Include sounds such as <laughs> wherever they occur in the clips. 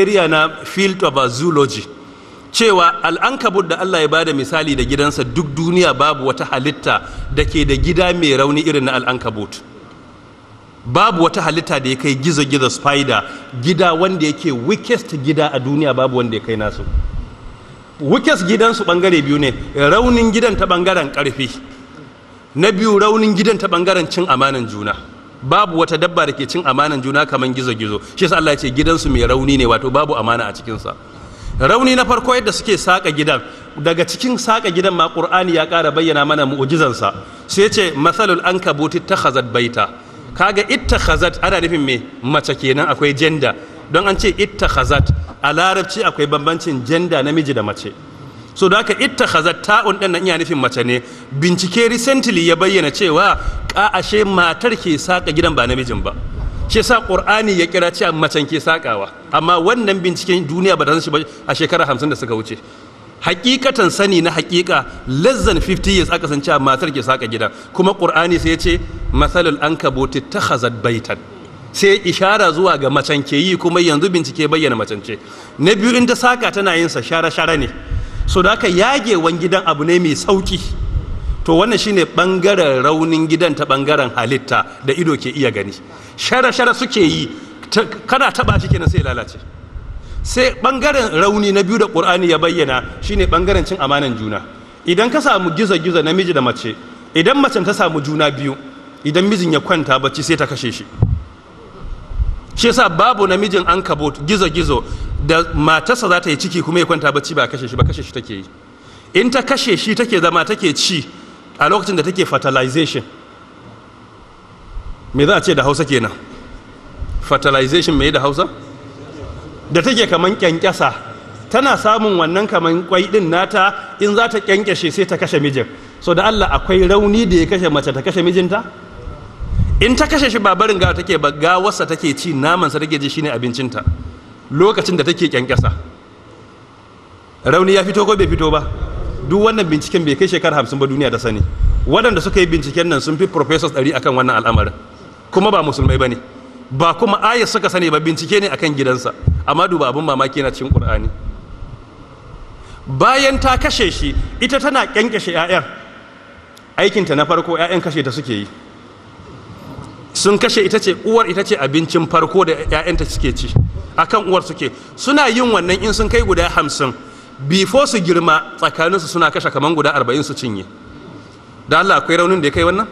area na field of zoology cewa al'ankabut da Allah ya bada misali da gidansa duk duniya babu wata halitta da ke da gida mai rauni irin na al'ankabut babu wata halitta da ya kai gizo-gizo spider gida wanda yake weakest gida a duniya babu wanda ya kai nasu weakest gidansu bangare biyu ne raunin gidan ta bangaren karfi na biyu raunin gidan ta bangaren cin amanan juna babu wata dabba da ke cin amanan juna kamar gizo-gizo shi yasa Allah ya ce gidansu mai rauni ne wato babu amana a cikinsa rauni na farko yadda suke saka gidan daga cikin saka gidan ma qur'ani ya kara bayyana mana sa sai ce masalul ankabuti takhazat baita kaga ittakhazat ana nufin me mace kenan akwai janda don an ce ittakhazat a larabci akwai bambancin janda namiji da mace so da haka ittakhazat ta'un ɗan nan iya nufin mace ne bincike recently ya bayyana cewa ka ashe matar ke saƙa gidan ba namijin ba shi ƙur'ani qur'ani ya kira a macen ke saƙawa. amma wannan binciken duniya ba ta san shi ba a shekara hamsin da suka wuce hakikatan sani na hakika less than 50 years aka san cewa matar ke saƙa gidan kuma ƙur'ani sai ya ce masalul ta bai baitan sai ishara zuwa ga macen ke yi kuma yanzu bincike bayyana macen ce na biyu in ta saka tana yin sa share shara ne so da aka yage yagewan gidan abu ne mai sauki to wannan shine bangaren raunin gidan ta bangaren halitta da ido ke iya gani shara-shara suke yi kana taba shi kenan sai lalace sai bangaren rauni na biyu da qur'ani ya bayyana shine bangaren cin amanan juna idan ka samu gizo-gizo namiji da mace idan macen ta samu juna biyu idan mijin ya kwanta bacci sai ta kashe shi shi yasa babu namijin bot gizo-gizo da matarsa za ta yi ciki kuma ya kwanta bacci ba kashe shi ba kashe shi take yi in ta kashe shi take zama take ci a lokacin da take fertilization me za a ce da hausa kenan fertilization me da hausa da take kaman kyankyasa tana samun wannan kaman kwai din nata in za ta kyankyashe sai ta kashe mijin so da Allah akwai rauni da ya kashe mace ta kashe mijinta in ta kashe shi ba barin gawa take ba gawarsa take ci namansa take ji shine abincinta lokacin da take kyankyasa rauni ya fito ko bai fito ba duk wannan binciken bai kai shekar hamsin ba duniya ta sani waɗanda suka yi binciken nan sun fi professors ɗari akan wannan al'amarin kuma ba musulmai ba ne ba kuma ayat suka sani ba bincike ne akan gidansa amma duba abin mamaki na cikin ƙur'ani bayan ta kashe shi ita tana kyankyashe 'ya'yan aikinta na farko 'ya'yan kashe ta suke yi sun kashe ita ce uwar ita ce abincin farko da 'ya'yanta suke ci akan uwar suke suna yin wannan in sun kai guda hamsin before su girma tsakaninsu suna kashe kaman guda arba'in su cinye da Allah akwai raunin da ya kai wannan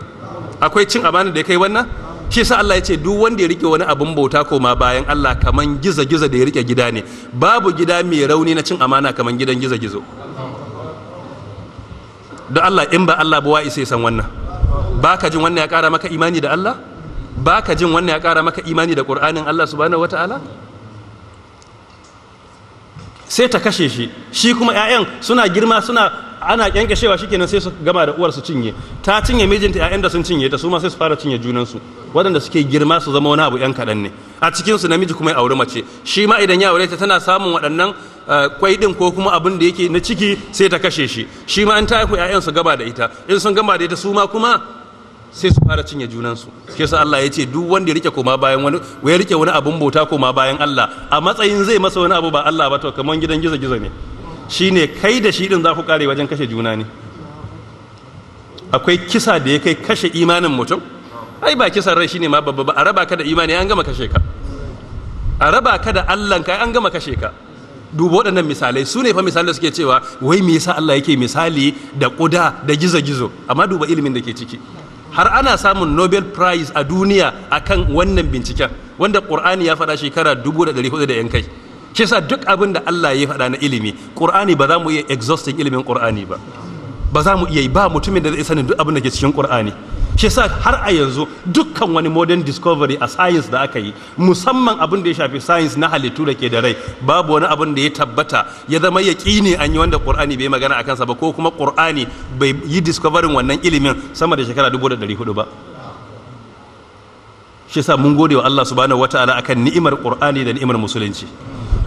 akwai cin amana da ya kai wannan shi sa Allah ya ce duk wanda ya rike wani abin bauta ko ma bayan Allah kaman giza giza da ya rike gida ne babu gida mai rauni na cin amana kaman gidan giza gizo Da Allah in ba Allah ba sai san wannan baka jin wannan ya kara maka imani da Allah baka jin wannan ya kara maka imani da Qur'anin Allah subhanahu wataala sai ta kashe shi shi kuma 'ya'yan suna girma suna ana kyankashewa shikenan sai su gama da uwarsu cinye ta cinye mijinta 'ya'yan da sun cinye ta su ma sai su fara cinye junansu waɗanda suke girma su zama wani abu 'yan kaɗan ne a cikinsu su namiji kuma ya auri mace shi ma idan ya aure ta tana samun waɗannan eh, kwai din ko kuma abin da yake na ciki sai ta kashe shi shi ma an ta haihu 'ya'yan su gaba da ita in sun gama da ita su ma kuma sai su fara cinye junansu shi yasa Allah ya ce duk wanda ya rike koma bayan wani ya rike wani abun bauta koma bayan Allah a matsayin zai masa wani abu ba Allah ba to kaman gidan gizo gizo ne shine kai da shi din za ku kare wajen kashe juna ne akwai kisa da ya kai kashe imanin mutum ai ba kisan rai shine ma babba ba a raba ka da imani an gama kashe ka a raba ka da Allah ka an gama kashe ka duba waɗannan misalai su ne fa misalai suke cewa wai me yasa Allah yake misali da ƙuda da gizo-gizo amma duba ilimin da ke ciki har ana samun nobel prize a duniya akan wannan binciken wanda qur'ani ya faɗa shekara 1400 da yan kai shi yasa duk abin da Allah ya faɗa na ilimi qur'ani ba za mu iya exhausting ilimin qur'ani ba ba za mu iya ba mutumin da zai sanin duk abin da ke cikin qur'ani shi sa har a yanzu dukkan wani modern discovery a science da aka yi musamman abin da ya shafi science na halittu da ke da rai babu wani abin da ya tabbata ya zama ya ne an yi wanda qur'ani bai magana a kansa ba ko kuma qur'ani bai yi discovering wannan ilimin sama da shekara dubu 1400 ba shi sa mun gode wa Allah subhanahu wataala akan ni'imar Qur'ani da ni'imar musulunci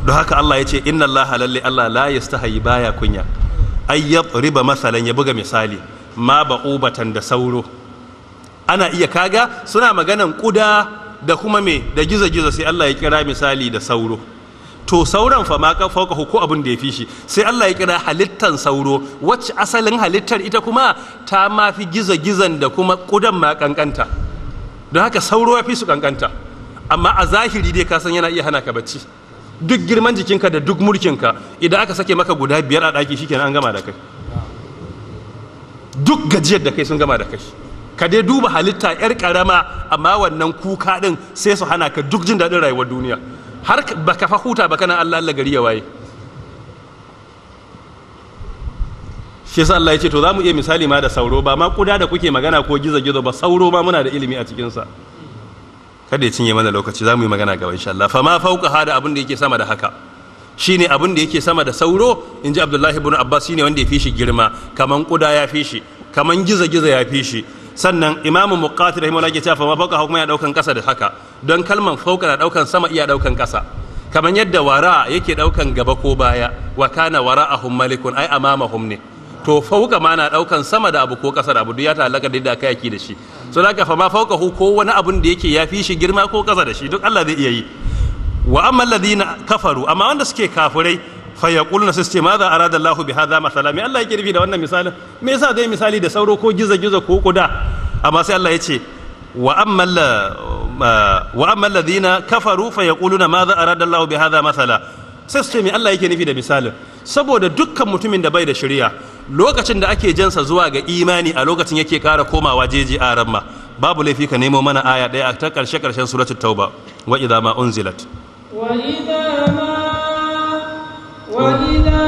don haka Allah ya ce inna Allah lalle Allah la yastahi baya kunya ay riba masalan ya buga misali ma ba'ubatan da sauro ana iya kaga suna maganan kuda da kuma me da gizo-gizo sai Allah ya kira misali da sauro to sauran fa ma fauka ko abin da ya fi shi sai Allah ya kira halittan sauro wacce asalin halittar ita kuma ta mafi fi gizo-gizon da kuma kudan ma kankanta don haka sauro ya fi su kankanta amma a zahiri dai ka san yana iya hana ka bacci duk girman jikinka da duk mulkinka idan aka sake maka guda biyar a ɗaki shikenan an gama da kai duk gajiyar da kai sun gama da kai ka dai duba halitta yar karama amma wannan kuka din sai su hana ka duk jin daɗin rayuwar duniya har baka fa huta ba kana Allah Allah gari ya waye shi yasa Allah ya ce to za mu iya misali ma da sauro ba ma kuda da kuke magana ko gizo gizo ba sauro ma muna da ilimi a cikin sa kada ya cinye mana lokaci za mu yi magana gaba insha Allah fa ma fauka hada abin da yake sama da haka shine abin da yake sama da sauro In ji Abdullahi ibn Abbas shine wanda ya fi shi girma kaman kuda ya fi shi kaman gizo gizo ya fi shi sannan imamu muqatil rahimahullah yake cewa fa fauka fawqa kuma ya daukan kasa da haka don kalman fauka na daukan sama iya daukan kasa kamar yadda wara yake ɗaukan gaba ko baya wa kana wara'ahum malikun ai amamahum ne to fauka ma na ɗaukan sama da abu ko kasa da abu duk ya ta'allaka da yadda kayaki da shi so ka fama fauka hu ko wani abun da yake yafi shi girma ko kasa da shi duk Allah zai iya yi wa amma alladhina kafaru amma wanda suke kafirai fa yaquluna sai su ce ma za a arada Allah bi haza masala mai Allah ya kirfi da wannan misalin me yasa zai misali da sauro ko giza giza ko kuda amma sai Allah ya ce wa amma wa amma alladhina kafaru fa ma za arada Allah bi haza masala sai su ce Allah ya nufi da misalin saboda dukkan mutumin da bai da shari'a lokacin da ake jansa zuwa ga imani a lokacin yake kara komawa jeji a ramma babu laifi ka nemo mana aya ɗaya a ta karshe karshen suratul tauba wa idza ma unzilat wa idza ma وإذا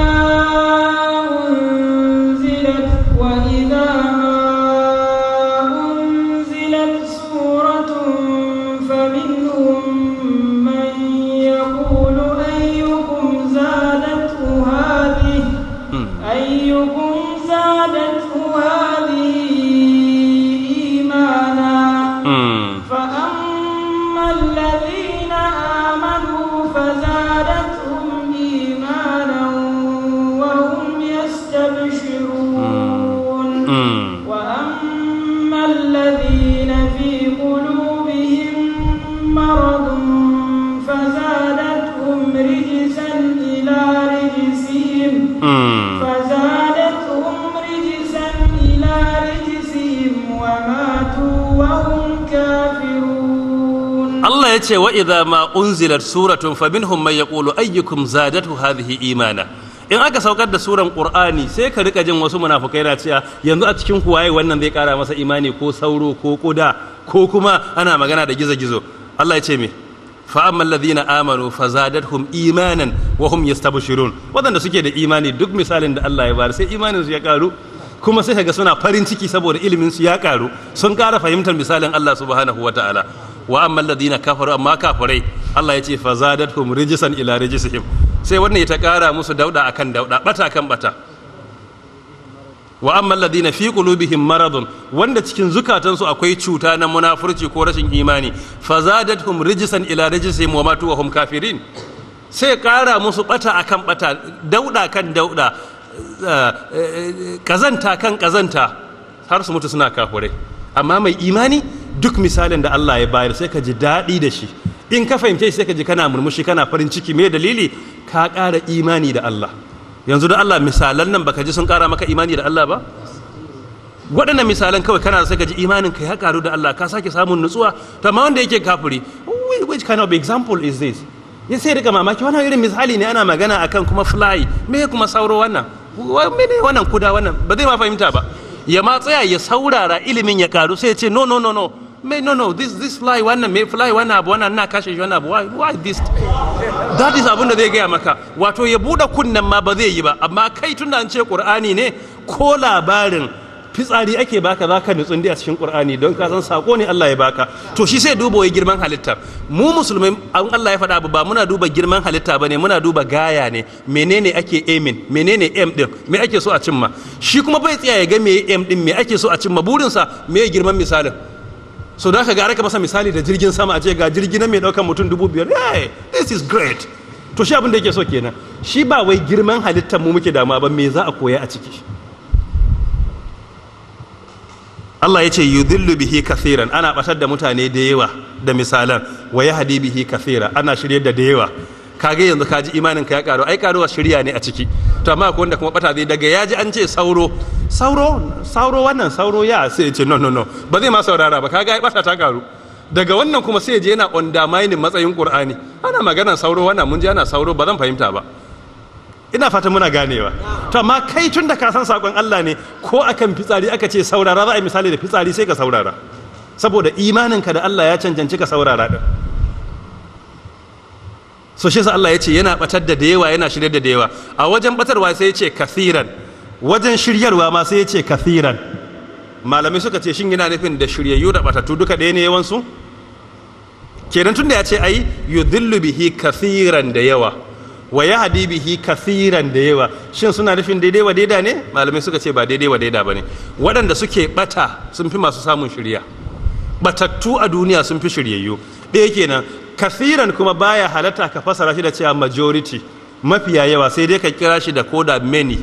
ce wa idza ma unzilat suratun minhum man yaqulu ayyukum zadatu hadhihi imana in aka saukar da suran qur'ani sai ka rika jin wasu munafukai na cewa yanzu a cikin ku waye wannan zai kara masa imani ko sauro ko kuda ko kuma ana magana da gizo-gizo Allah ya ce me fa ammal ladhina amanu fazadathum imanan wa hum yastabshirun wadanda suke da imani duk misalin da Allah ya bayar sai imanin su ya karu kuma sai kaga suna farin ciki saboda ilimin su ya karu sun kara fahimtar misalin Allah subhanahu wataala wa amma alladhina kafaru amma kafirai Allah ya ce fazadathum rijsan ila rijsihim sai wannan ya ta kara musu dauda akan dauda bata kan bata wa amma alladhina fi qulubihim maradun wanda cikin zukatansu akwai cuta na munafurci ko rashin imani fazadathum rijsan ila rijsihim wa matu wa hum kafirin sai kara musu bata akan bata dauda kan dauda eh, eh, eh, kazanta kan kazanta har su mutu suna kafirai amma mai imani duk misalin da Allah ya bayar sai ka ji daɗi da shi in ka fahimce sai ka ji kana murmushi kana farin ciki me dalili ka ƙara imani da Allah yanzu da Allah misalan nan baka ji sun ƙara maka imani da Allah ba waɗannan misalan kawai kana sai ka ji imanin ka ya ƙaru da Allah ka sake samun nutsuwa to amma wanda yake kafiri which kind of example is this ya sai rika mamaki wannan irin misali ne ana magana akan kuma fly me kuma sauro wannan mene wannan kuda wannan ba zai ma fahimta ba ya ma tsaya ya saurara ilimin ya karu sai ya ce no no no no May, no, no, this, this fly wannan mai fly wannan abu wannan na kashe shi wannan abu why, why this? That is abin da zai gaya maka. Wato ya buɗe kunnen ma ba zai yi ba, amma kai tun an ce Ƙur'ani ne ko labarin fitsari ake baka za ka nutsun a cikin Ƙur'ani don ka san sako ne Allah ya baka. To shi sai duba ya girman halitta. Mu musulmai an Allah ya faɗa abu ba muna duba girman halitta ba ne muna duba gaya ne menene ake aimin menene aim din me ake so a cimma. Shi kuma bai tsaya ya ga me aim ɗin me ake so a cimma burinsa me girman misalin. so da ga gara ka masa misali da jirgin sama a ce ga jirgin na mai daukan mutum dubu biyar hey this is great to shi abin da yake so kenan shi ba wai girman halittar mu muke damuwa ba me za a koya a ciki Allah ya ce yudhillu bihi kathiran ana batar da mutane da yawa da misalan wa yahdi bihi kathira ana shirye da da yawa kage yanzu kaji imanin ka ya karu ai karuwa shirya ne a ciki to amma akwai wanda kuma bata zai daga yaji an ce sauro sauro sauro wannan sauro ya sai ce no no no ba zai ma saurara ba kaga ai bata ta karu daga wannan kuma sai je yana undermining matsayin qur'ani ana magana sauro wannan mun ji ana sauro ba zan fahimta ba ina fata muna ganewa to amma kai tun da ka san sakon Allah ne ko akan fitsari aka ce saurara za a yi misali da fitsari sai ka saurara saboda imaninka da Allah ya cancanci ka saurara din so shi Allah ya ce yana batar da da yawa yana shirya da da a wajen batarwa sai ya ce kathiran wajen shiryarwa ma sai ya ce kathiran Malami suka ce shin yana nufin da shiryayyu da batattu duka da ne yawansu kenan tun da ya ce ai yudhillu bihi kathiran da yawa wa yahdi bihi kathiran da yawa shin suna nufin daidai wa daida ne malamai suka ce ba daidai wa daida bane waɗanda suke bata sun fi masu samun shirya batattu a duniya sun fi shiryayyu ɗaya kenan kasiran kuma baya halatta ka fasara shi da cewa majority mafiya yawa sai dai ka kira shi da koda many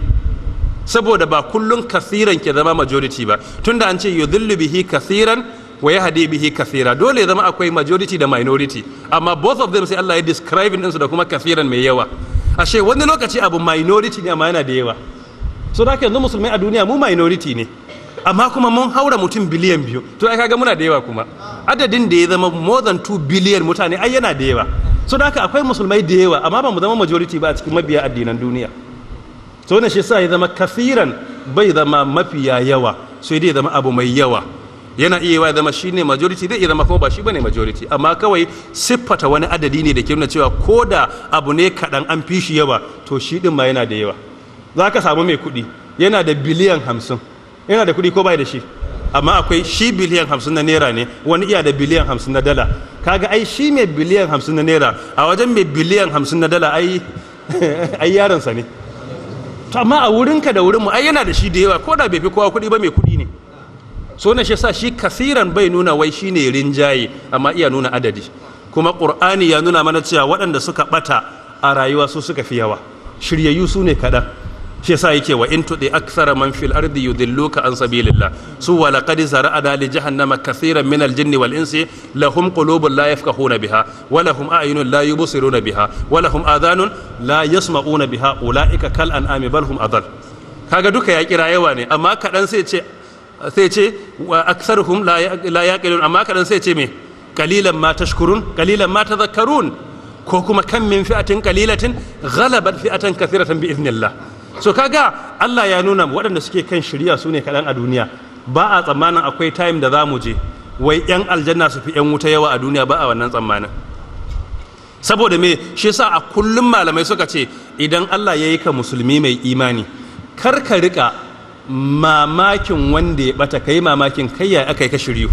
saboda ba kullun kasiran ke zama majority ba tunda an ce yudhillu bihi kasiran wa yahdi bihi kasira dole zama akwai majority da minority amma both of them sai Allah ya describe din su da kuma kasiran mai yawa ashe wani lokaci abu minority ne amma yana da yawa so da yanzu musulmai a duniya mu minority ne amma kuma mun haura mutum biliyan biyu to ai kaga muna da yawa kuma adadin da ya zama more than 2 billion mutane ai yana da yawa so da haka akwai musulmai da yawa amma ba mu zama majority ba a cikin mabiya addinan duniya so wannan shi sa ya zama kafiran bai zama mafiya yawa sai dai zama abu mai yawa yana iya yawa zama shi ne majority zai ya zama kuma ba shi bane majority amma kawai siffata wani adadi ne da ke nuna cewa ko da abu ne kadan an fi shi yawa to shi din ma yana da yawa za ka samu mai kuɗi yana da biliyan hamsin yana da kuɗi ko bai da shi amma akwai shi biliyan hamsin na naira ne wani iya da biliyan hamsin na dala kaga ai shi mai biliyan hamsin na naira a wajen mai biliyan hamsin na dala ai <laughs> ai yaransa ne to amma a wurinka da wurinmu ai yana da shi da yawa ko da bai fi kowa kuɗi ba mai kuɗi ne so na shi sa shi kasiran bai nuna wai shi ne rinjaye amma iya nuna adadi kuma ƙur'ani ya nuna mana cewa waɗanda suka ɓata a rayuwa su suka fi yawa shiryayyu su ne kaɗan shi yasa yake wa in tudi aksara man fil ardi yudilluka an sabilillah su wa laqad zara'ana li jahannama kathiran min al jinni wal insi lahum qulubun la yafqahuna biha wa lahum a'yunun la yubsiruna biha wa lahum adhanun la yasma'una biha ulaika kal an'ami bal hum adall kaga duka ya kira yawa ne amma kadan sai ce sai ce wa aktharuhum la yaqilun amma kadan sai ce me qalilan ma tashkurun qalilan ma tadhakkarun ko kuma kan min fi'atin qalilatin ghalabat fi'atan kathiratan bi idhnillah so kaga Allah ya nuna waɗanda suke kan shirya su ne kaɗan a duniya ba a tsammanin akwai time da za mu je wai 'yan aljanna su fi 'yan wuta yawa a duniya ba a wannan tsammanin saboda me shi sa a kullum malamai suka ce idan Allah ya yi ka musulmi mai imani kar ka rika mamakin wanda ya bata kai mamakin kai ya aka yi ka shiryu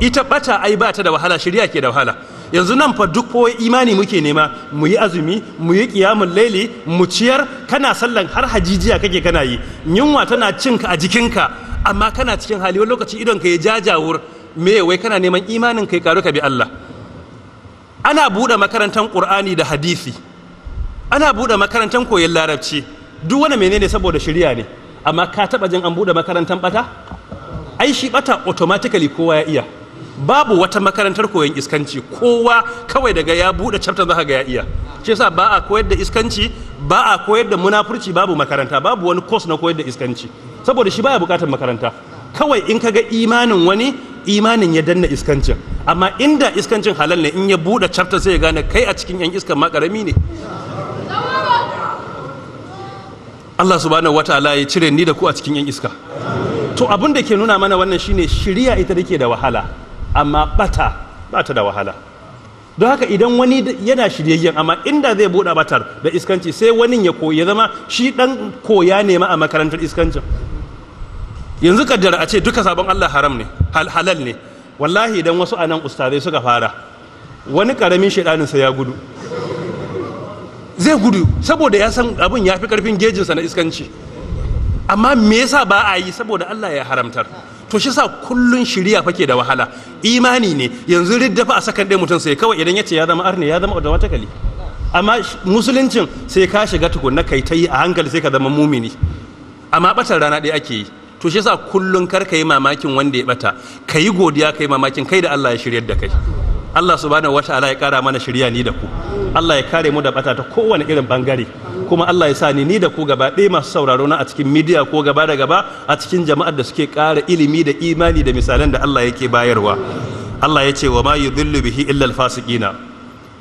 ita bata ai ba da wahala shirya ke da wahala yanzu nan fa duk kowai imani muke nema mu yi azumi mu yi kiyamun laili mu ciyar kana sallan har hajijiya kake kana yi yunwa tana ka a jikinka amma kana cikin hali wani lokaci idon ka ya jajawur me wai kana neman imanin kai karu ka bi Allah ana buɗe makarantar Qur'ani da hadisi ana buɗe makarantar koyon larabci duk wani menene saboda shirya ne amma ka taɓa jin an buɗe makarantar bata ai shi bata automatically kowa ya iya babu wata makarantar koyon iskanci kowa kawai daga ya buɗe chapter zaka ga ya iya shi yasa ba a koyar da iskanci ba a koyar da munafurci babu makaranta babu wani course na koyar da iskanci saboda shi baya bukatar makaranta kawai in ga imanin wani imanin ya danna iskancin amma inda iskancin halal ne in ya buɗe chapter sai ya gane kai a cikin yan iskan ma ne Allah subhanahu wataala ya cire ni da ku a cikin yan iska to abin da ke nuna mana wannan shine shiriya ita da ke da wahala amma bata bata da wahala don haka idan wani yana shiryayyen amma inda zai buɗa batar da iskanci sai wani ya koya zama shi ɗan koya ne ma a makarantar iskancin yanzu kaddara a ce duka sabon Allah haram ne halal ne wallahi idan wasu anan ustazai suka fara wani karamin shaidanin sa ya gudu zai gudu saboda ya san abin ya fi karfin gejinsa na iskanci amma me yasa ba a yi saboda Allah ya haramtar to shi sa kullun shiriya fake da wahala imani ne yanzu ridda fa a sakan ɗaya mutum sai kawai idan ya ce ya zama arne ya zama da watakali amma musuluncin sai ka shiga tukunna kai ta yi a hankali sai ka zama mumini amma ɓatar rana ɗaya ake yi to shi sa kullun kar ka yi mamakin wanda ya ɓata ka yi godiya ka yi mamakin kai da Allah ya shiryar da kai Allah subhanahu ta'ala ya kara mana shirya ni da ku Allah ya kare mu da bata ta kowane irin bangare kuma Allah ya sa ni ni da ku gaba ɗaya masu sauraro na a cikin midiya ko gaba da gaba a cikin jama'ar da suke ƙara ilimi da imani da misalan da Allah yake bayarwa Allah ya ce wa ma yudhillu bihi illa al-fasiqina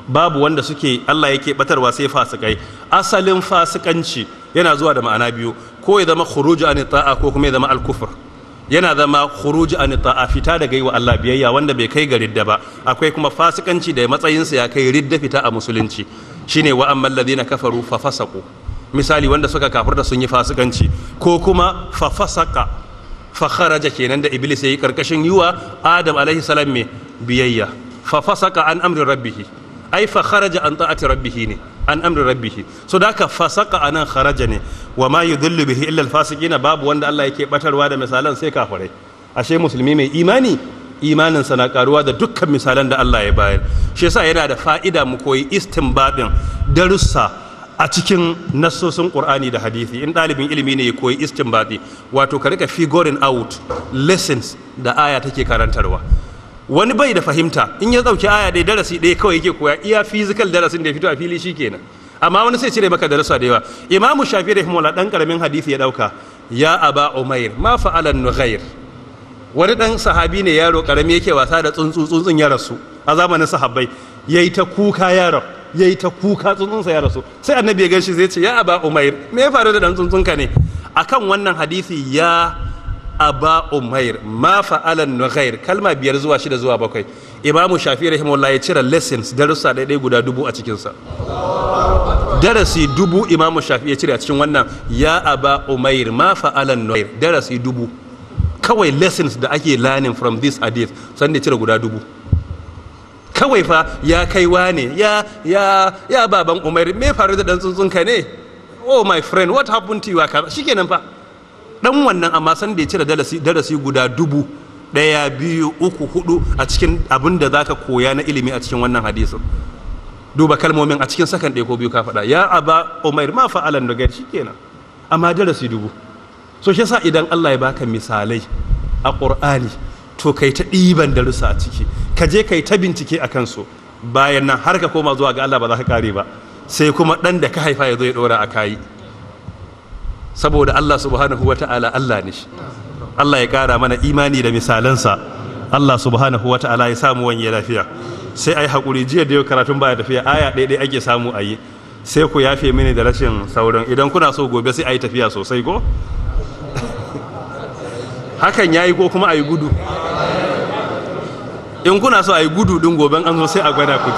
babu wanda suke Allah yake batarwa sai fasikai asalin fasikanci yana zuwa da ma'ana biyu ko ya zama khuruju an ta'a ko kuma ya zama al-kufr yana zama khuruji an ta'a fita daga yi wa Allah biyayya wanda bai kai ga ridda ba akwai kuma fasikanci da matsayinsa ya kai ridda fita a musulunci shine wa amman ladina kafaru fa fasaqu misali wanda suka kafirta sun yi fasikanci ko kuma fa fasaqa fa kharaja kenan da iblis yayi karkashin yiwa adam alaihi salam me biyayya fa fasaqa an amri rabbih ai fa kharaja an ta'ati rabbih ne an amri rabbihi so da ka fasaka anan kharaja ne wa ma yudhillu bihi illa alfasiqina babu wanda Allah yake batarwa da misalan sai kafirai ashe musulmi mai imani imanin sa na karuwa da dukkan misalan da Allah ya bayar shi yasa yana da fa'ida mu koyi istinbabin darussa a cikin nassosin Qur'ani da hadisi in dalibin ilimi ne ya koyi istinbabi wato ka rika figuring out lessons da aya take karantarwa wani bai da fahimta in ya dauki aya dai darasi ɗaya kawai yake koya iya fizikal darasin da ya fito a fili shikenan amma wani sai cire maka darasa da yawa imamu shafi rahimahullah dan karamin hadisi ya dauka ya aba umair ma fa'alan nughair wani dan sahabi ne yaro karami yake wasa da tsuntsu tsuntsun ya rasu a zamanin sahabbai yayi ta kuka yaro yayi ta kuka tsuntsunsa ya rasu sai annabi ya ganshi zai ce ya aba umair me ya faru da dan tsuntsunka ne akan wannan hadisi ya aba umair ma fa'alan nughair kalma biyar zuwa shida zuwa bakwai imamu shafi rahimahullah ya cire lessons darussa ɗaya guda dubu a cikinsa darasi dubu imamu shafi ya cire a cikin wannan ya aba umair ma fa'alan nughair darasi dubu kawai lessons da ake learning from this hadith san da cire guda dubu kawai fa ya kai wane ya ya ya baban umair me faru da dan tsuntsunka ne oh my friend what happened to you shikenan fa dan wannan amma san da ya cire darasi guda dubu daya biyu uku hudu a cikin abin da za ka koya na ilimi a cikin wannan hadisin duba kalmomin a cikin sakan ɗaya ko biyu ka faɗa ya aba umair ma fa'alan da gaci kenan amma darasi dubu so shi yasa idan Allah ya baka misalai a Qur'ani to kai ta ɗiban darussa a ciki ka je kai ta bincike a kansu bayan nan har ka koma zuwa ga Allah ba za ka kare ba sai kuma ɗan da ka haifa ya zo ya ɗora a kayi saboda Allah subhanahu wa ta'ala Allah ne shi Allah ya kara mana imani da misalansa Allah subhanahu wa ta'ala ya samu wani lafiya sai ai hakuri jiya da yau karatun baya tafiya aya dai dai ake samu a yi sai ku yafe mini da rashin sauran idan kuna so gobe sai a yi tafiya sosai ko <laughs> hakan ya yi ko kuma a yi gudu in kuna so a yi gudu din goben an zo sai a gwada ku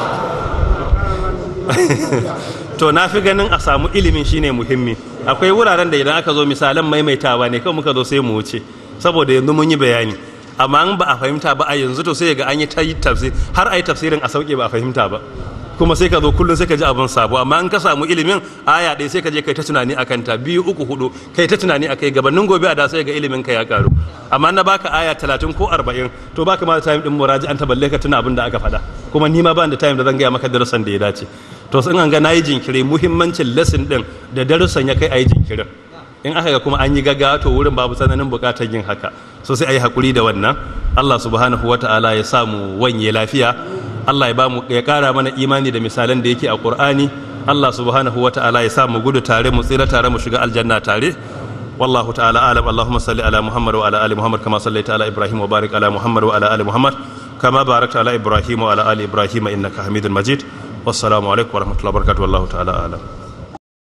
<laughs> to na fi ganin a samu ilimin shine muhimmi akwai wuraren da idan aka zo misalan maimaitawa ne kawai muka zo sai mu wuce saboda yanzu mun yi bayani amma an ba a fahimta ba a yanzu to sai ga an yi ta yi tafsir har a yi tafsirin a sauke ba a fahimta ba kuma sai ka zo kullum sai ka ji abin sabo amma in ka samu ilimin aya ɗaya sai ka je kai ta tunani a kanta biyu uku hudu kai ta tunani a kai gabanin gobe a da sai ga ilimin ka ya karu amma na baka aya talatin ko arba'in to baka ma ta yi din muraji an taballe ka tuna abin da aka faɗa kuma ni ma ban da time da zan gaya maka darasan da ya dace to sun an ga yi jinkiri muhimmancin lesson din da darasan ya kai a yi jinkirin in aka ga kuma an yi gaggawa to wurin babu tsananin bukatar yin haka so sai ayi hakuri da wannan Allah subhanahu taala ya samu wanye lafiya Allah ya bamu ya kara mana imani da misalan da yake a Qur'ani Allah subhanahu taala ya samu gudu tare mu tsira tare mu shiga aljanna tare والله تعالى اعلم اللهم صل على محمد وعلى ال محمد كما صليت على ابراهيم وبارك على محمد وعلى ال محمد kama barakta ala ibrahim wa ala ali ibrahim innaka hamidul majid wassalamu alaikum warahmatullahi wabarakatuh wallahu ta'ala alam